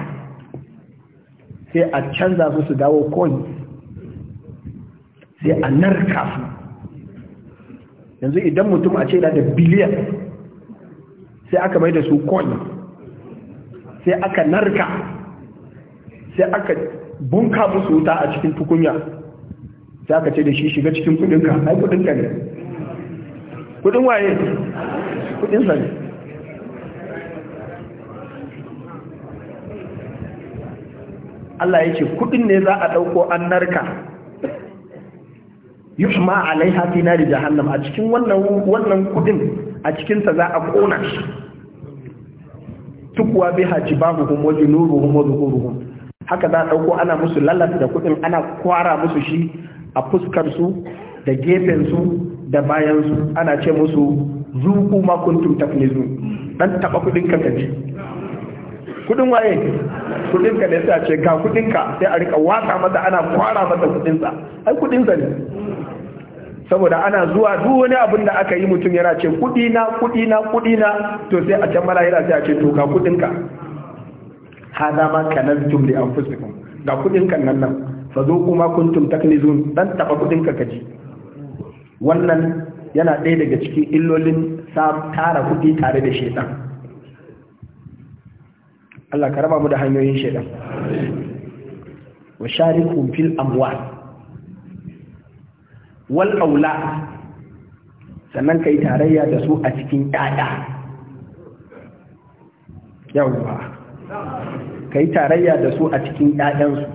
sai a canza su su dawo koyi sai a narka su yanzu idan mutum a ce da biliyan sai aka mai da su coin sai aka narka sai aka bunka musu wuta a cikin tukunya sai aka ce da shi shiga cikin kudinka ai kudinka ne kudin waye kudinsa ne Allah ya ce kudin ne za a ɗauko an narka yuhma alaiha fi nari jahannam a cikin wannan wannan kudin a cikin ta za a kona shi tukwa biha hum wa junubuhum wa zuhuruhum haka za a dauko ana musu lalata da kudin ana kwara musu shi a fuskar su da gefen su da bayan su ana ce musu zuku ma kuntum taknizu dan taba kudin ka kaji kudin waye kudin ka da a ce ga kudin ka sai a rika wasa masa ana kwara masa kudin sa ai kudin sa ne saboda ana zuwa duk wani abin da aka yi mutum yana ce kudi na kudi na kudi na to sai a can yana sai a ce to ga kudin ka hada ma kanaztum da anfusikum ga kudin kan nan nan fa zo kuma kuntum taknizun dan taba kudin ka kaji wannan yana ɗaya daga cikin illolin tara kudi tare da shaitan Allah ka raba mu da hanyoyin shaitan wa sharikum fil amwal wal aula sannan kai tarayya da su a cikin ƴaƴa yawwa kai tarayya da su a cikin ƴaƴansu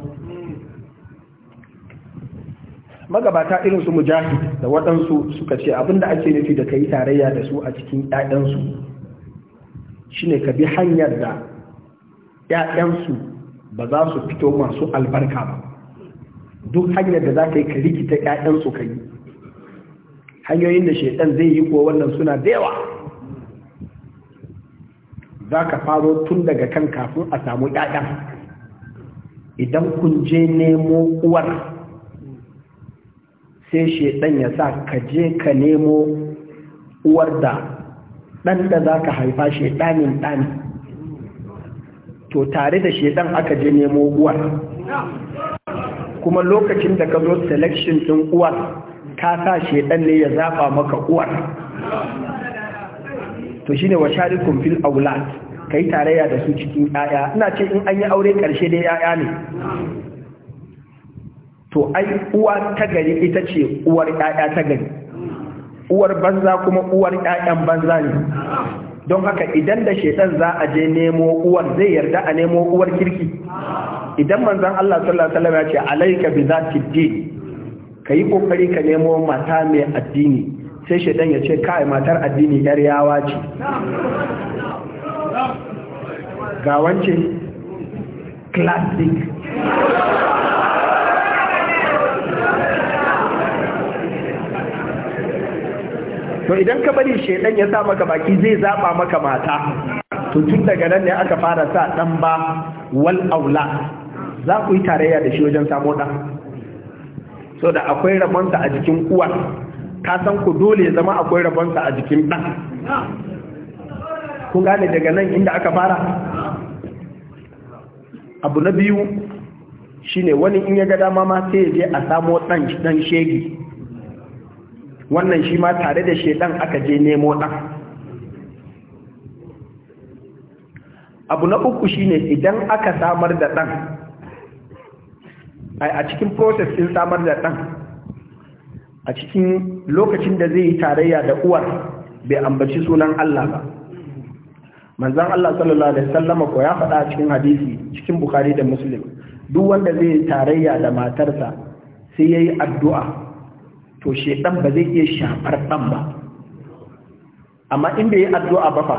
magabata irin su mujahid da waɗansu suka ce abinda ake nufi da kai tarayya da su a cikin ƴaƴansu shine ka bi hanyar da ‘ya'yansu ba za su fito masu albarka ba duk hanyar da za ka yi ka rikita ƴaƴansu ka yi hanyoyin da shaidan zai yi kuwa wannan suna da yawa za ka faro tun daga kan kafin a samu ƴaƴan idan kun je nemo uwar sai shaidan ya sa ka je ka nemo uwar da ɗan da za ka haifa shaidanin ɗani to tare da shaidan aka je nemo uwar kuma lokacin da ka zo selection ɗin uwar ka sa shedan ne ya zafa maka uwar to shine wa sharikum fil aulad kai tarayya da su cikin yaya ina ce in an yi aure karshe dai yaya ne to ai uwa ta gari ita ce uwar yaya ta gari uwar banza kuma uwar yayan banza ne don haka idan da shedan za a je nemo uwar zai yarda a nemo uwar kirki idan manzan Allah sallallahu alaihi wasallam ya ce alayka bi zati din kai kokari ka nemo mata mai addini sai shedan ya ce kai matar addini yar ce ga wance classic to idan ka bari shedan ya sa maka baki zai zaba maka mata to tun daga nan ne aka fara sa dan ba wal aula za ku yi tarayya da shi wajen samo ɗan so da akwai rabonsa a jikin uwar ka san ku dole zama akwai rabonsa a jikin ɗan kun gane daga nan inda aka fara abu na biyu shi ne wani in ya ga dama ma sai ya je a samo ɗan ɗan shegi wannan shi ma tare da shedan aka je nemo ɗan abu na uku shi ne idan aka samar da ɗan a cikin process ɗin samar da ɗan a cikin lokacin da zai yi tarayya da uwar bai ambaci sunan Allah ba manzan Allah sallallahu alaihi wasallama ko ya faɗa a cikin hadisi cikin Bukhari da Muslim duk wanda zai yi tarayya da matarsa sai yayi addu'a to shedan ba zai iya shafar dan ba amma in yayi yi addu'a ba fa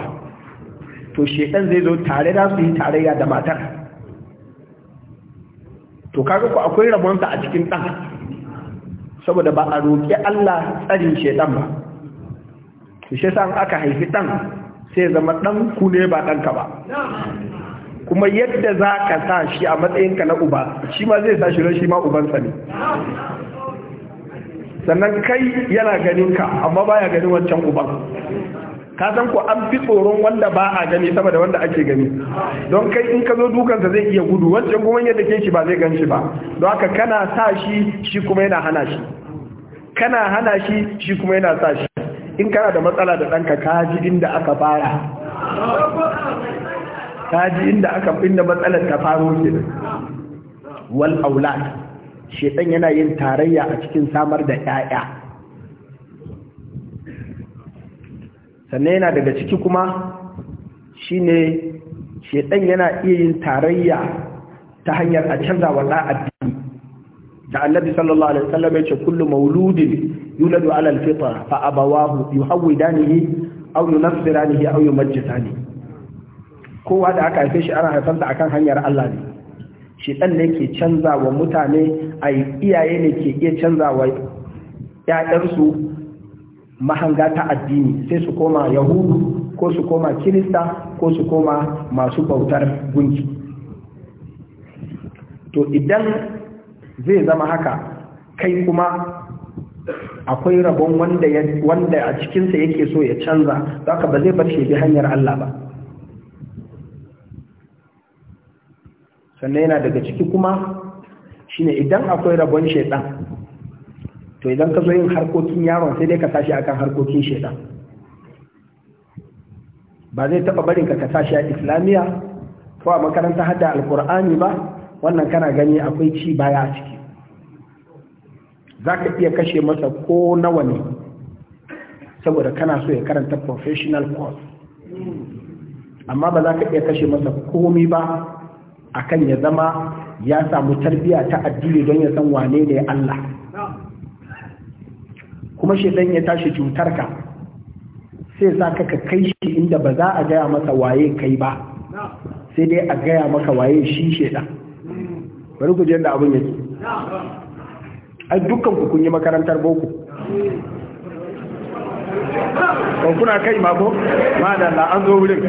to shedan zai zo tare da su yi tarayya da matar to kaga ku akwai rabonsa a cikin ɗan saboda ba a roƙi Allah tsarin shedan ba to shi yasa aka haifi ɗan sai zama ɗan ku ne ba ɗanka ba kuma yadda za ka sa shi a matsayinka na uba shi ma zai sa shi don shi ma ubansa ne sannan kai yana ganin ka amma baya ganin wancan uban ka san ko an fi tsoron wanda ba a gani sama da wanda ake gani don kai in ka zo dukansa zai iya gudu wancan kuma yadda ke shi ba zai gan shi ba don haka kana sa shi shi kuma yana hana shi kana hana shi shi kuma yana sa shi in kana da matsala da ɗanka ka ji inda aka fara ka ji inda aka inda matsalar ta faro ke, wal aulad shedan yana yin tarayya a cikin samar da ƴaƴa sannan yana daga ciki kuma shi shine shaidan yana iya yin tarayya ta hanyar a canza wa da annabi sallallahu alaihi wasallam ya ce kullu mauludin yuladu ala alfitra fa abawahu yuhawidanihi aw yunassiranihi aw ni. kowa da aka haife shi ana haifar da akan hanyar Allah ne shedan ne ke canza wa mutane a iyaye ne ke iya canza wa ƴaƴansu mahanga ta addini sai su koma yahudu ko su koma kirista ko su koma masu bautar gunki to idan zai zama haka kai kuma akwai rabon wanda, wanda a cikinsa yake so ya canza ka ba zai bar shi hanyar Allah ba sannan yana daga ciki kuma shine idan akwai rabon shaidan to idan ka zo yin harkokin yaron sai dai ka tashi akan harkokin shaidan ba zai taba barin ka ka tashi a islamiyya ko a makarantar hada alkur'ani ba wannan kana gani akwai ci baya a ciki za ka iya kashe masa ko nawa ne saboda kana so ya karanta professional course amma ba za ka iya kashe masa komi ba akan ya zama ya samu tarbiyya ta addini don ya san wane ne Allah kuma shaidan ya tashi cutar ka sai sa ka kai shi inda ba za a gaya masa waye kai ba sai dai a gaya maka waye shi shaidan bari ku je da abin yake ai dukkan ku kun yi makarantar boko ko kuna kai ma ko madalla an zo wurin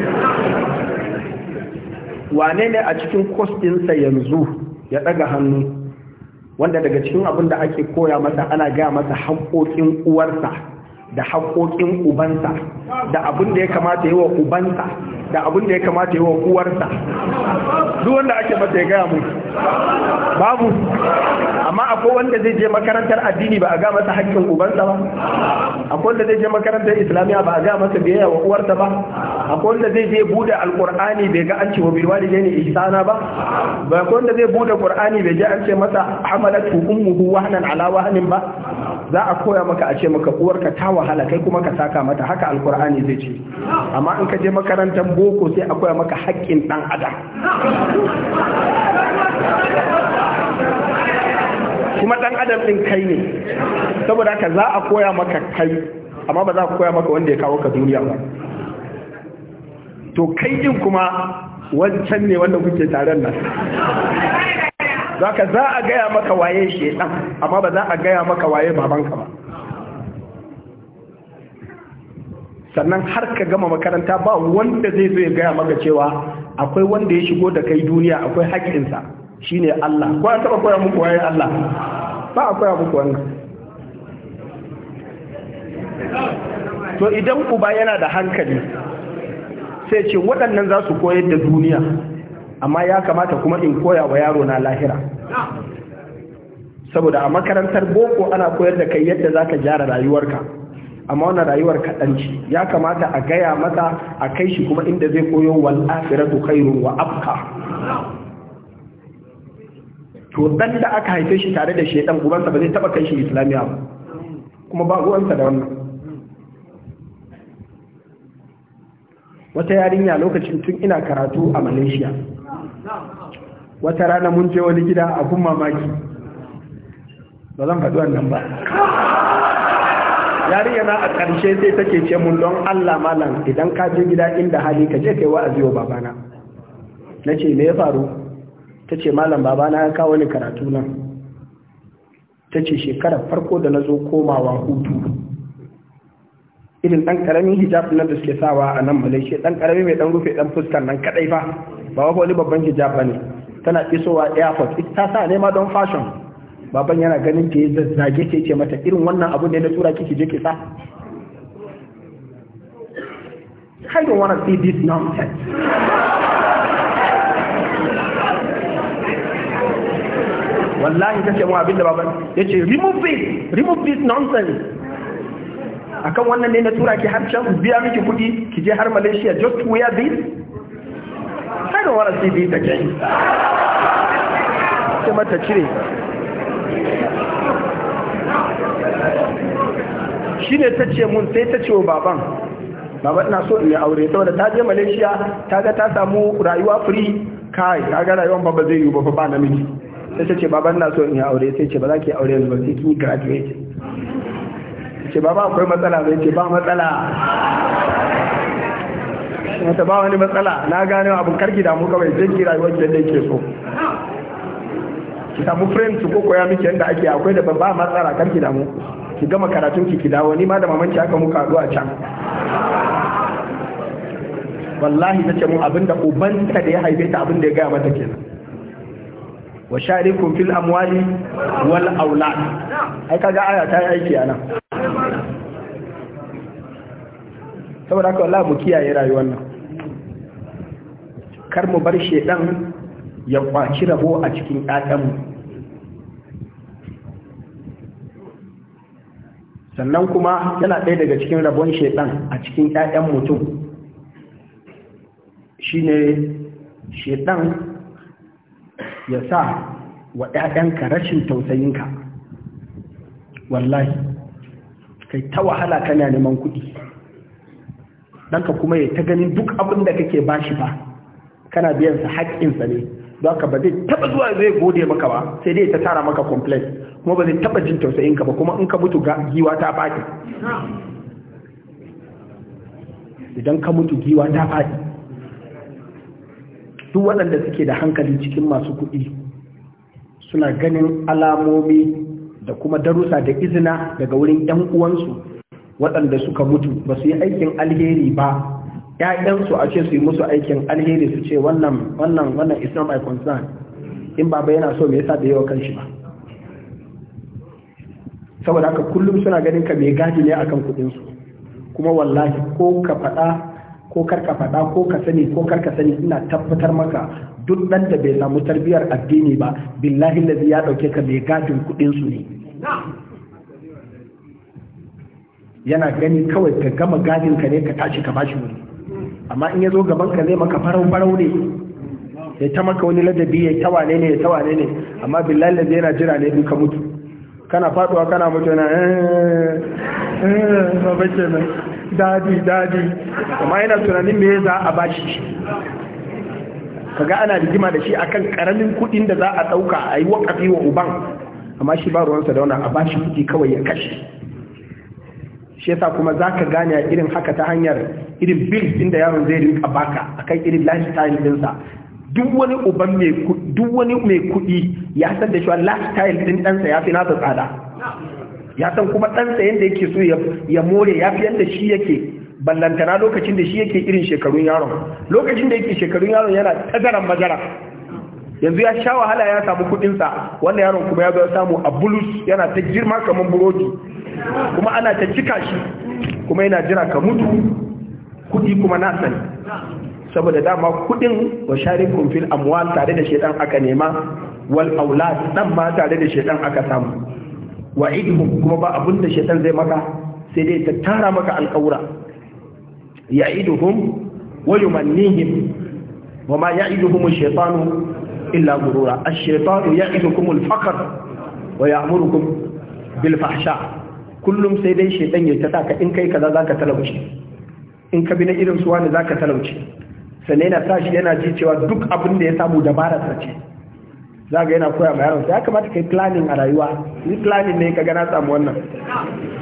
wane ne a cikin kwastinsa yanzu ya ɗaga hannu wanda daga cikin abin da ake koya masa ana gaya masa haƙoƙin uwarsa da haƙoƙin ubansa da abin da ya kamata yi wa ubansa da abin da ya kamata yi wa uwarsa duk wanda ake masa ya gaya mu babu amma akwai wanda zai je makarantar addini ba a ga masa haƙƙin ubansa ba akwai wanda zai je makarantar islamiya ba a ga masa biyayya wa uwarsa ba akwai wanda zai je bude alkur'ani bai ga an ce wa bilwalide ne isana ba ba akwai wanda zai bude qur'ani bai je an ce masa hamalatu ummuhu wahnan ala wahnin ba za a koya maka a ce maka uwarka ta wahala kai kuma ka saka mata haka alkur'ani zai ce amma in ka je makarantar boko sai a koya maka haƙƙin dan adam kuma dan adam din kai ne saboda haka za a koya maka kai amma ba za a koya maka wanda ya kawo ka duniya ba to kai din kuma wancan ne wanda kuke taron nan zaka za a gaya maka waye shedan amma ba za a gaya maka waye babanka ba sannan har ka gama makaranta ba wanda zai zo ya gaya maka cewa akwai wanda ya shigo da kai duniya akwai haƙƙinsa shine Allah ko an taba koya muku waye Allah ba a koya muku wannan to idan uba yana da hankali sai ce waɗannan za su koyar da duniya amma ya kamata kuma in koya wa yaro na lahira saboda a makarantar boko ana koyar da kai yadda za ka gyara rayuwarka amma wani rayuwar kaɗanci ya kamata a gaya mata a kai shi kuma inda zai koyo wa akhiratu khairun wa Afka. to dan da aka haife shi tare da ɗan gubansa ba zai taɓa kai shi Islamiyya ba kuma ba gubansa da wannan wata yarinya lokacin tun ina karatu a malaysia wata rana mun je wani gida a kun mamaki ba zan faɗi wannan ba yarinya na a ƙarshe sai take ce mun don allah malam idan ka je gida inda hali ka je kai a wa babana na ce me ya faru ta ce malam babana ya kawo ni karatu nan ta ce shekarar farko da na zo komawa hutu irin dan karamin hijab nan da suke sawa a nan malaysia dan karami mai dan rufe dan fuskar nan kadai fa ba wa wani babban hijab bane tana isowa airport ita ta sa ne ma don fashion baban yana ganin ta da zage ce ce mata irin wannan abu ne na tura kiki je ki sa I don't want to see this nonsense. Wallahi ta ce mu abin da baban ya ce remove this, remove this nonsense. akan wannan ne na tura ki har can biya miki kuɗi ki je har malaysia just to wear this sai da wara to see this again sai mata cire Shi ne ta ce mun sai ta ce wa baban Baban ina so in yi aure saboda ta je malaysia ta ga ta samu rayuwa free kai ta ga rayuwan baba zai yi ba ba namiji sai ta ce baban ina so in yi aure sai ce ba za ki aure yanzu ba sai ki graduate ce ba ba akwai matsala bai ce ba matsala wata ba wani matsala na gane abin karki damu kawai zai kira rayuwar ki da yake so ki samu su ko koya miki yadda ake akwai da ba matsala karki damu ki gama karatun ki ki dawo ni ma da mamanci haka muka haɗu a can wallahi ta ce mu abinda ubanta da ya haife ta abinda ya gaya mata kenan wa sharikum fil amwali wal aulad ai kaga aya ta yi aiki anan saboda haka wallahi mu kiyaye rayuwar nan kar mu bar shedan ya kwaci rabo a cikin ƴaƴanmu sannan kuma yana ɗaya daga cikin rabon shedan a cikin ƴaƴan mutum shine shedan ya sa wa ƴaƴanka rashin tausayinka wallahi kai ta wahala kana neman kuɗi ka kuma ya ta ganin duk abin da kake ba shi ba kana biyan sa haƙƙinsa ne don ka ba zai taɓa zuwa zai gode maka ba sai dai ta tara maka complex kuma ba zai taɓa jin tausayin ka ba kuma in ka mutu giwa ta faɗi idan ka mutu giwa ta faɗi duk waɗanda suke da hankali cikin masu kuɗi suna ganin alamomi da kuma darusa da izina daga wurin 'yan uwansu waɗanda suka mutu ba su yi aikin alheri ba ‘ya'yansu a ce su yi musu aikin alheri su ce wannan wannan wannan is not concern in baba yana so me yasa da yawa shi ba saboda haka kullum suna ganin ka mai gaji ne akan kuɗinsu kuma wallahi ko ka faɗa ko kar ka faɗa ko ka sani ko kar ka sani ina tabbatar maka duk ɗan da bai samu tarbiyyar addini ba billahi lazi ya ɗauke ka mai gajin kuɗin su ne yana gani kawai ka gama gadin ka ne ka tashi ka bashi wuri amma in ya zo gaban ka zai maka farau farau ne ya ta maka wani ladabi ya ta wane ne ya ta wane ne amma billahi ladabi yana jira ne duka mutu kana faduwa kana mutu na eh, eh baba ba, dadi dadi amma yana tunanin me za a bashi shi kaga ana rigima da shi akan karamin kudin da za a dauka a yi wakafi wa uban amma shi ba ruwansa da wannan a bashi kudi kawai ya kashe shi yasa kuma za ka gane a irin haka ta hanyar irin bills inda yaron zai rinka baka a kan irin lifestyle ɗinsa duk wani mai kuɗi ya san da shi lifestyle ɗin ɗansa ya fi nasa tsada ya san kuma ɗansa yadda yake so ya more ya fi yadda shi yake ballantana lokacin da shi yake irin shekarun yaron lokacin da yake shekarun yaron yana tazaran mazara yanzu ya sha wahala ya samu kuɗinsa wannan yaron kuma ya zo samu a bulus yana ta girma kamar burodi kuma ana ta cika shi kuma yana jira ka mutu kuɗi kuma na sani saboda dama kuɗin wa share kumfil amwal tare da shedan aka nema wal aulad dan ma tare da shedan aka samu wa idhum kuma ba abun da shedan zai maka sai dai ta tara maka alƙawura ya idhum wa yumannihim wa ma ya iduhum shaytanu illa gurura ash-shaytanu ya'idukum al-faqr wa ya'murukum bil fahsha kullum sai dai shaytan ya ta ka in kai kaza zaka talauce in ka bi na irin suwa ne zaka talauce sannan yana sa shi yana ji cewa duk abin da ya samu dabara ta ce zaga yana koya ma yaron ya kamata ka kai planning a rayuwa ni planning ne ka gana samu wannan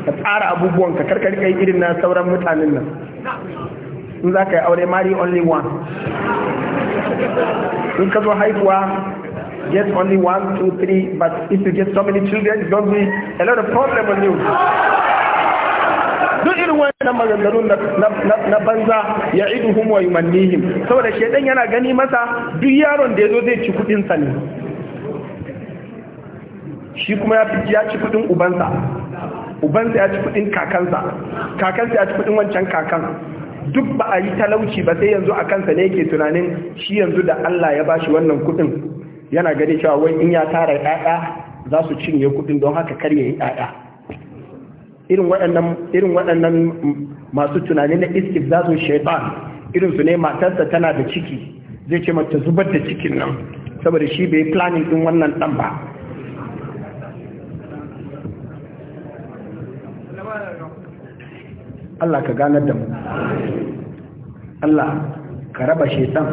ka tsara abubuwan ka karkar kai irin na sauran mutanen nan in za ka yi aure mari only one in ka zo haihuwa get only one, two, three, but if you get so many children, it's going to be a lot of problem on you. duk irin wannan maganganun na banza ya idu hum wa yumannihim saboda shedan yana gani masa duk yaron da ya zo zai ci kudin sa ne shi kuma ya fi ya ci kudin ubansa ubansa ya ci kudin kakansa kakansa ya ci kudin wancan kakan duk ba a yi talauci ba sai yanzu a kansa ne yake tunanin shi yanzu da Allah ya bashi wannan kuɗin yana gani cewa wai in ya tara ƴaƴa za su cinye kuɗin don haka kar ya yi ƴaƴa irin waɗannan irin waɗannan masu tunani na iskif za su shaytan irin su ne matarsa tana da ciki zai ce mata zubar da cikin nan saboda shi bai planning din wannan dan ba Allah ka ganar da mu Allah ka raba shetan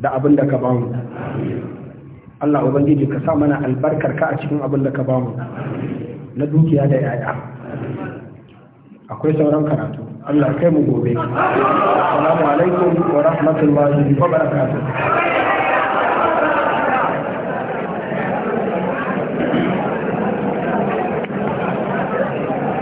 da abin da ka ba mu Allah ubangiji ka sa mana albarkar ka a cikin abin da ka ba mu na dukiya da yaya akwai sauran karatu Allah kai mu gobe assalamu alaikum wa rahmatullahi wa barakatuh